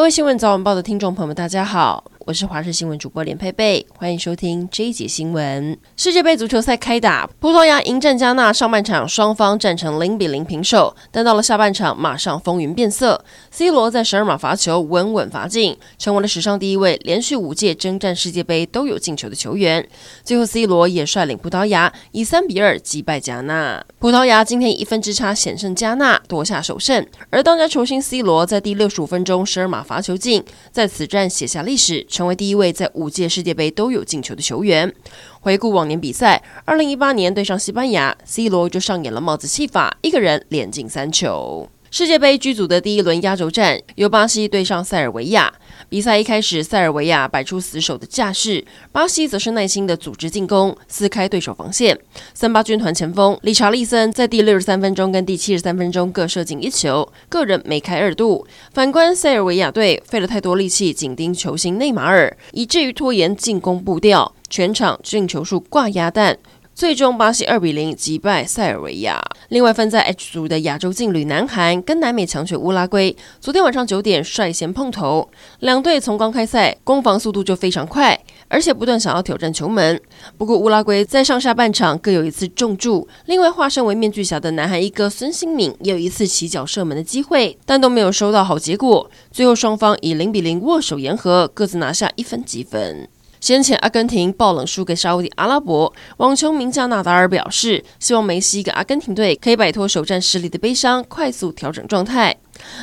各位新聞早晚報的聽眾朋友們，大家好。我是華視新聞主播連佩佩，歡迎收聽這一節新聞。世界杯足球賽開打，葡萄牙迎戰加納。上半場雙方戰成零比零平手，但到了下半場馬上風雲變色。C 羅在十二碼罰球穩穩罰進，成為了史上第一位連續五屆征戰世界杯都有進球的球員。最後 C 羅也率領葡萄牙以三比二擊敗加納。葡萄牙今天一分之差險勝加納，奪下首勝。而當家球星 C 羅在第六十五分鐘十二碼罰球進，在此戰寫下歷史。成為第一位在五屆世界杯都有進球的球員。回顧往年比賽，二零一八年對上西班牙，C 羅就上演了帽子戲法，一個人連進三球。世界盃 G 組的第一輪壓軸戰，由巴西對上塞爾維亞。比賽一開始，塞爾維亞擺出死守的架勢，巴西則是耐心地組織進攻，撕開對手防線。森巴軍團前鋒理查利森在第六十三分鐘跟第七十三分鐘各射進一球，個人梅開二度。反觀塞爾維亞隊，費了太多力氣緊盯球星內馬爾，以至於拖延進攻步調，全場進球數掛鴨蛋。最終巴西二比零擊敗塞爾維亞。另外分在 H 組的亞洲勁旅南韓跟南美強權烏拉圭，昨天晚上九點率先碰頭。兩隊從剛開賽攻防速度就非常快，而且不斷想要挑戰球門。不過烏拉圭在上下半場各有一次中柱，另外化身為面具俠的南韓一哥孫興慜也有一次起腳射門的機會，但都沒有收到好結果。最後雙方以零比零握手言和，各自拿下一分積分。先前阿根廷爆冷輸給沙烏地阿拉伯，網球名將納達爾表示，希望梅西跟阿根廷隊可以擺脫首戰失利的悲傷，快速調整狀態。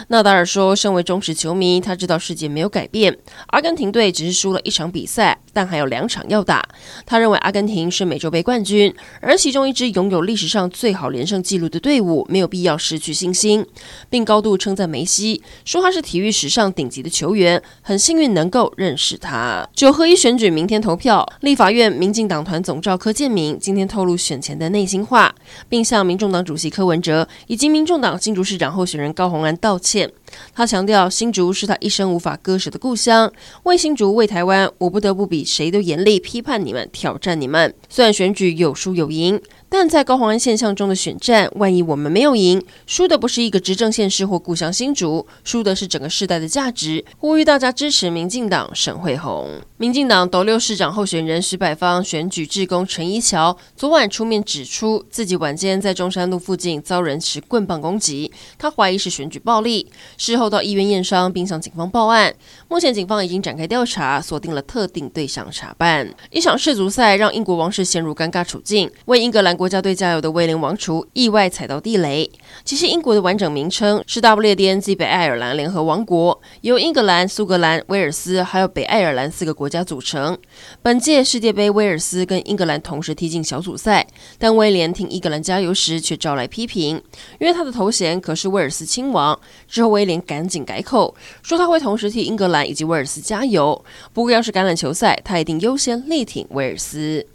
納達爾說：“身為忠實球迷，他知道世界沒有改變。阿根廷隊只是輸了一場比賽，但還有兩場要打。他認為阿根廷是美洲杯冠軍，而其中一支擁有歷史上最好連勝紀錄的隊伍，沒有必要失去信心，並高度稱讚梅西，說他是體育史上頂級的球員。很幸運能夠認識他。”九合一選舉明天投票，立法院民進黨團總召柯建銘今天透露選前的內心話，並向民眾黨主席柯文哲以及民眾黨新竹市長候選人高虹安道歉，他強調新竹是他一生無法割捨的故鄉，為新竹，為台灣，我不得不比誰都嚴厲批判你們，挑戰你們。雖然選舉有輸有贏。但在高虹安現象中的選戰，萬一我們沒有贏，輸的不是一個執政縣市或故鄉新竹，輸的是整個世代的價值。呼籲大家支持民進黨沈慧虹。民進黨斗六市長候選人徐百芳選舉志工陳一橋昨晚出面指出，自己晚間在中山路附近遭人持棍棒攻擊，他懷疑是選舉暴力。事後到醫院驗傷，並向警方報案。目前警方已經展開調查，鎖定了特定對象查辦。一場世足賽讓英國王室陷入尷尬處境，為英格蘭。國家隊加油的威廉王儲意外踩到地雷。其實英國的完整名稱是大不列顛及北愛爾蘭聯合王國，由英格蘭、蘇格蘭、威爾斯還有北愛爾蘭四個國家組成。本屆世界杯，威爾斯跟英格蘭同時踢進小組賽，但威廉替英格蘭加油時卻招來批評，因為他的頭銜可是威爾斯親王。之後威廉趕緊改口，說他會同時替英格蘭以及威爾斯加油。不過要是橄欖球賽，他一定優先力挺威爾斯。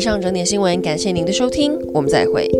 以上整點新聞，感謝您的收聽，我們再會。